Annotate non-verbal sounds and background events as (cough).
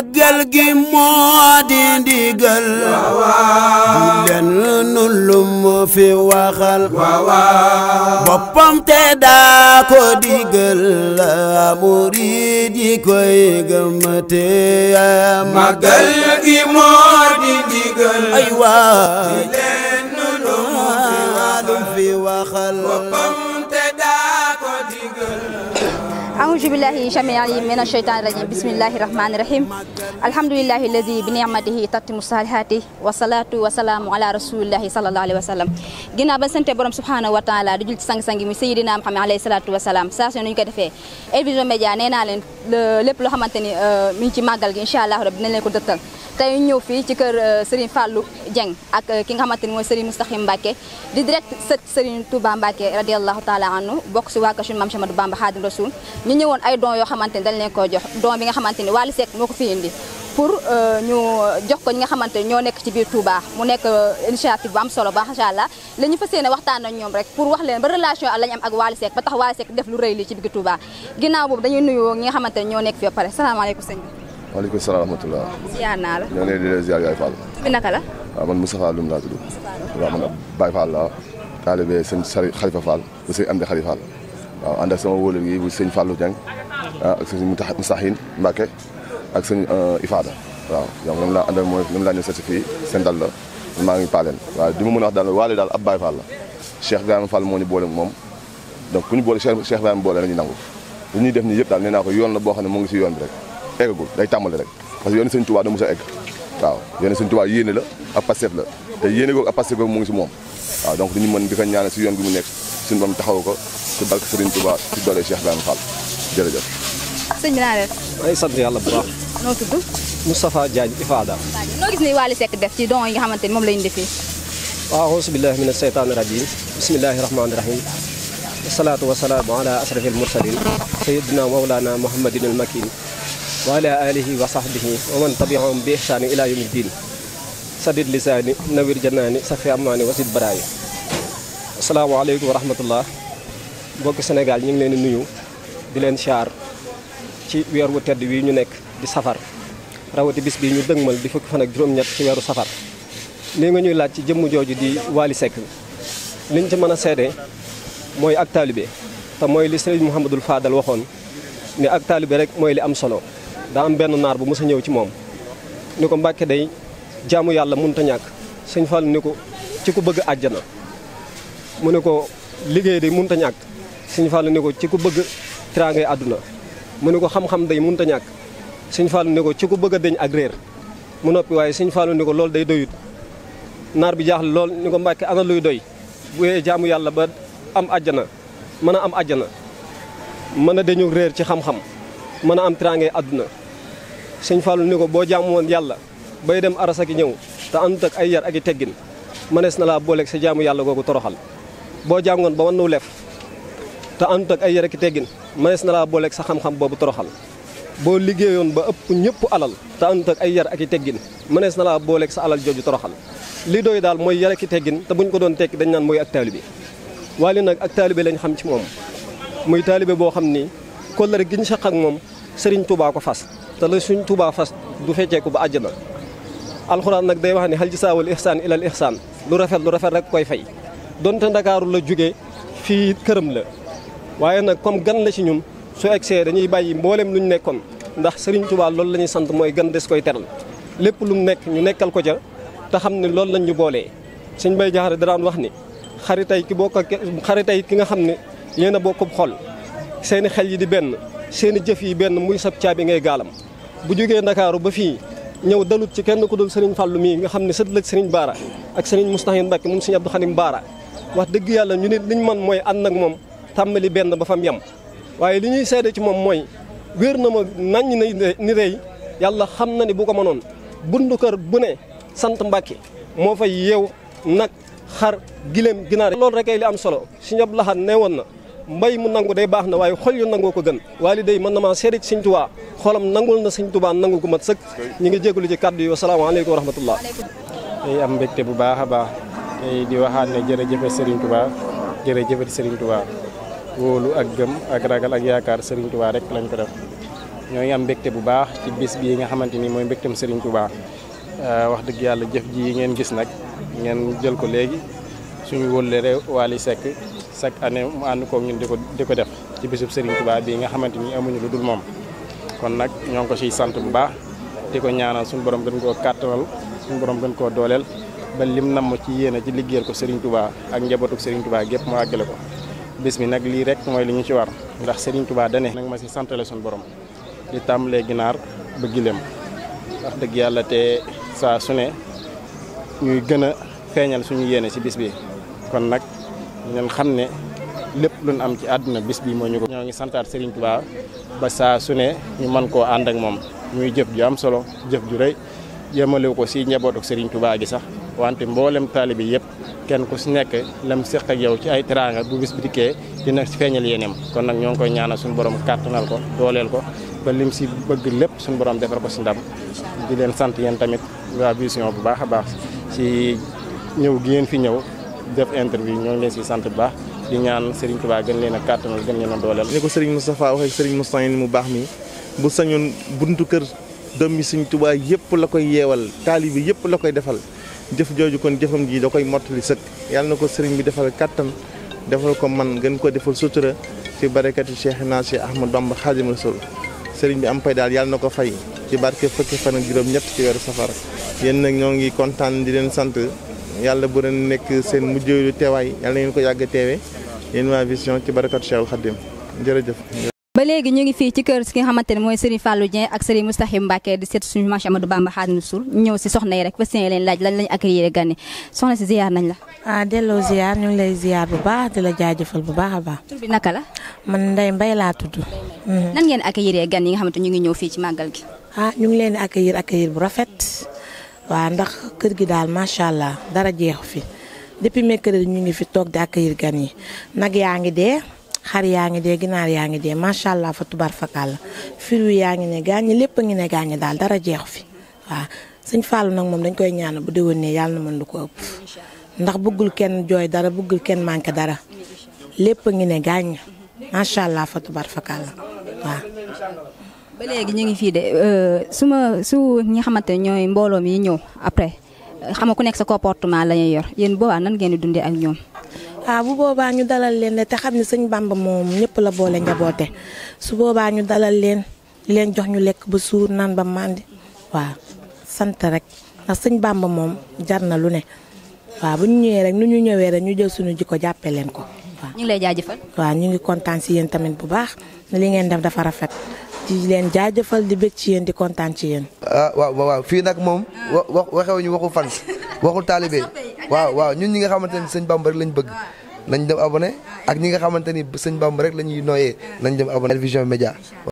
màggal gi moo di ndigal lenn nu lu fi waxal boppam te daa ko digal murid yi koy gëmate màggal gi moo di ndigal ay waa lenn nu lu mu fi waxal أعوذ بالله شميعي من الشيطان الرجيم بسم الله الرحمن الرحيم الحمد لله الذي بنعمته تتم الصالحات والصلاة والسلام على رسول الله صلى الله عليه وسلم جينا بسنت بروم سبحانه وتعالى دجل سانغ سانغ مي سيدنا محمد عليه الصلاه والسلام ساس نيو كدا في اي فيديو ميديا نينا لين ليپ لو خامتاني مي سي ماغال ان شاء الله رب نين لكو دتال tey ñëw fii ci kër euh, Serigne Fallou Dieng ak euh, ki nga xamante ni mooy Serigne Moustahim Mbacke di direct sët Serigne Touba Mbacke radiallahu taala anhu bokk si waa Kër Maam Ahmadou Bamba Khadim Rasoul ñu ñëwoon ay don yoo xamante ni dañ leen koo jox don bi nga xamante ni Wally Seck moo ko fi indi pour euh, ñu jox ko ñi nga xamante ñoo nekk ci biir Touba mu nekk initiative bu am solo ba incha allah la ñu fas yéene waxtaan ak ñoom rek pour wax leen ba relation la ñu am ak Wally lu rëy lii ci biir Touba ginnaaw boobu dañuy nuyu nga xamante ni ñoo nekk fi ba pare waaleykum salaam wa rahmatulah. ziar naa la. ñoo ngi leen di ziar yaay Fall. tur bi naka la. waaw man Moustapha Loum laa tudd. waaw man Baye Fall laa. taalibe sëñ Sari Khalifa Fall bu sëñ Amdi Khalifa Fall waaw ànd ak sama wóolal yi bu sëñ Fallou Dieng ak sëñ Moustahine Mbacke ak sëñ Ifada waaw ñoom ñoom laa àndal mooy ñoom laa ñu certifié seen dal la maa ngi paaleen waaw di ma mën a wax daal waale daal ab Baye Fall la Cheikh Ibrahima Fall moo ñu boole moom donc ku ñu boole Cheikh Ibrahima boole la ñu nangu li ñuy def nii yëpp daal nee naa ko yoon la boo xam ne mu ngi si yoon bi rek eggagul day tàmbali rek parce que yoonu sëñ Tuubaa da mos a egg waaw yoonu sëñ Tuubaa yéene la ak Pastef la te yéene googu ak Pastef googu mu ngi si moom waaw donc dañu mën di ko ñaanal si yoon bi mu nekk suñu borom taxaw ko si barke Sëriñ Tuubaa si doole Cheikh Ibrahima Fall jërëjëf sëñ bi naa def ay sant yàlla bu baax noo tudd Moustapha Diagne Ifada noo gis ni Wally Seck def ci don yi nga xamante ni moom la ñu defee waaw auzu billahi mina sheytaani rajim bismillahi rahmaani rahim wasalaatu wasalaamu ala ashrafil mursalin sayyidina mawlana muhammadin al makin وعلى آله وصحبه ومن تبعهم بإحسان إلى يوم الدين سدد لساني نوير جناني صفي أماني وزيد براي السلام عليكم ورحمة الله بوك سنغال نيغ لين نيو دي لين شار تي ويرو تيد وي ني نيك دي سفر راوتي بيس بي ني دغمل دي فك فنك جروم نيت تي ويرو سفر ليغا نيو لاج جيم جوجو دي والي سيك لين تي مانا سيدي موي اك طالبي تا موي لي سيد محمد الفاضل واخون ني اك طالبي رك موي لي ام سولو daa am benn naar bu mës a ñëw ci moom ñu ko Mbàkke day jaamu yàlla mënta ñàkk sëñ Fall ni ko ci ku bëgg àjjana mu ne ko liggéey day mënta ñàkk sëñ Fall ni ko ci ku bëgg tiraangay àdduna mu ne ko xam-xam day mënta ñàkk sëñ Fall ni ko ci ku bëgg a deñ ak réer mu noppi waaye sëñ Fall ni ko loolu day doyut naar bi jaaxle lool ni ko Mbàkke ana luy doy bu jaamu yàlla ba am àjjana mën a am àjjana mën a deñu réer ci xam-xam mën a am teraangay àdduna sëñ Fallou ni ko boo jaamu woon yàlla bay dem aras ak ñëw te àndut ay yar ak i teggin mënees na laa booleeg sa jaamu yàlla googu toroxal boo jàngoon ba naw lef te àndut ak ay yar ak i teggin mënees na laa booleeg sa xam-xam boobu toroxal boo liggéeyoon ba ëpp ñëpp alal te àndut ay yar ak i teggin mënees na laa booleeg sa alal jooju toroxal li doy daal mooy yar ak i teggin te buñ ko doon tekki dañ naan mooy ak taalibe bi waali nag ak taalibe lañ xam ci moom muy taalibe boo xam nii kóllëre gi ñu seq ak moom sëriñ Touba ko fas te la suñ Touba fas du ko ba àjjana alxuraan nag day wax ne xal ci jisaawul ihsaan ilal ihsaan lu rafet lu rafet rek koy fay donte ndakaaru la jóge fii këram la waaye nag comme gan la ci ñun su see dañuy bàyyi mbooleem lu ñu nekkoon ndax sëriñ Touba loolu la ñuy sant mooy gan des koy teral lépp lu mu nekk ñu nekkal ko ca te xam ne loolu lañ ñu boolee sëñ Bay Jaxare da daan wax ni xaritay ki bokk xaritay ki nga xam ne yéen a bokkub xol seeni xel yi di benn seeni jëf yi benn muy sab caabi ngay gaalam bu jógee ndakaaru ba fii ñëw dalut ci kenn ku dul sëriñ Fàllu mii nga xam ne sët la sëriñ Baara ak sëriñ Mustaxin Mbàkke moom sëriñ Abdou Xadim Baara wax dëgg yàlla ñu nit liñ man mooy ànd ak moom tàmbali benn ba fam yem waaye li ñuy seede ci moom mooy wér na ma nàññ na ni rey yàlla xam na ni bu ko manoon bundu kër bu ne sant Mbàkke moo fay yeew nag xar giléem ginaar loolu rek ay li am solo sëriñ Abdou Lahad ne woon na mbay mu nangu day baax na waaye xol yu nangoo ko gën waali day mën na maa seede ci sëñ Tuubaa xolam nangul na sëñ Tuubaa nangu ko mat sëkk ñu ngi jégalu ci kàddu yi wasalaamaaleykum wa rahmatullah tey am mbégte bu baax a baax tey di waxaat ne jërëjëfe sëriñ Tuubaa jërëjëfati sëriñ Tuubaa wóolu ak gëm ak ragal ak yaakaar sëriñ Tuubaa rek lañ ko def ñoo ngi am mbégte bu baax ci bis bii nga xamante ni mooy mbégtem sëriñ Tuubaa ah, wax dëgg yàlla jëf ji ngeen gis nag ngeen jël ko léegi suñu wóllëre Waly chaque année mu ànd koog ñun diko diko def ci bisub Serigne Touba bi nga xamanteni amuñu lu dul moom kon nak ñong ko ci sante bu baax diko ñaanal suñu borom gën ko kàttanal suñu borom gën ko dolel ba lim nam ci yéene ci liggéeyal ko Serigne Touba ak njabootuk Serigne Touba gep mo àggale ko bis mi nak li rek moy li ñu ci war ndax Serigne Touba dane nak ma si le suñu borom di le ginar ba gilem wax deug yalla te sa suné ñuy gëna feñal suñu yene ci bis bi kon nak ngeen xamne ne luñ am ci aduna bis bi mo ñu ko ñoo ngi santaat Serigne Touba ba sa suné ñu man ko and ak mom muy jëf ju am solo jëf ju reey yemalé ko si ak Serigne Touba gi sax wante mbolem talibi yépp kenn ku ci nekk lam sekk ak yow ci ay teranga bu bis bi di dina feeñal yenem kon nak ñong koy ñaanal suñu borom kartonal ko dolel ko ba lim si bëgg lepp suñu borom défar ko ci ndam di leen sant yeen tamit wa vision bu baaxa baax si ñew gi yeen fi ñew def interview ñoo ngi leen si sant bu baax di ñaan Serigne Touba gën leen a kàttanal gën leen a dooleel. ni ko Serigne Moustapha waxee Serigne Moustapha mu baax mi bu sañoon buntu kër doom yi Serigne Touba yëpp la koy yeewal taalibe yëpp la koy defal jëf jooju kon jëfam ji da koy mottali sëkk yàlla na ko Serigne bi defal kàttan defal ko man gën ko defal sutura ci barakati Cheikh naa Cheikh Ahmad Bamba Xaadimu Rasuul Serigne bi am pay daal yàlla na ko fay ci barke fukki fan ak juróom-ñett ci weeru safar yàlla bu ren nekk seen mujj teewaay yàlla ngeen ko yàgg a teewee yéen vision ci barakatu Cheikhul Khadim ba léegi ñu ngi fii ci kër ki nga xamante ne mooy Serigne Fallou Dieng ak Serigne Moustahim Mbacké di seet suñu Maam Amadou Bamba Xaadimu Rasuul ñëw si soxna yi rek fas yéene leen laaj lan gan yi soxna si la. ah delloo ziar ñu lay ziar bu baax di la jaajëfal bu baax a baax. tur bi naka la. man Ndeye mbay laa tudd. nan ngeen accueillir gan yi nga xamante ñu ngi ñëw fii ci màggal gi. ah ñu ngi leen bu rafet. waaw ndax kër gi daal macha allah dara jeexu fi depuis mercredi ñu ngi fi toog di accueillir gan yi nag yaa ngi dee xar yaa ngi dee ginaar yaa ngi dee macha allah fa tubar fakal la firu yaa ngi ne gaañ lépp a ngi ne gaañ daal dara jeexu fi waaw sëñ Fallou nag moom dañ koy ñaan bu déwénee yàlla mën lu ko bëggul kenn jooy dara bëggul kenn manqué dara lépp a ngi ne gaañ macha allah fa tubar la waaw. ba léegi ñu ngi fii de euh, su ma su ñi xamante ñooy mbooloo mi ñëw après euh, xam ku nekk sa comportement la ñuy yor yéen boobaa nan ngeen di dundee ak ñoom. waaw ah, bu boobaa ñu dalal leen ne te xam ne sëñ Bamba moom ñëpp la boole njaboote su boobaa ñu dalal leen leen jox ñu lekk ba suur naan ba màndi waaw sant rek ndax sëñ Bamba moom jar na lu ne waaw bu ñu ñëwee rek nu ñu ñëwee rek ñu jël suñu jikko jàppee leen ko. waaw ñu ngi lay jaajëfal. waaw ñu ngi kontaan si yéen tamit bu baax li ngeen def dafa rafet. di leen jaajëfal di bëgg ci yéen di kontaan ci yéen. ah waaw waaw fii nag moom. Ah. wa waxewuñu waxu fans (laughs) waxul taalibe waaw waaw ñun ñi nga xamante ni sëñ Bamba rek lañ bëgg. nañ dem abonné ak ñi nga xamante ni sëñ Bamba rek la ñuy nooyee nañ dem abonné. télévision média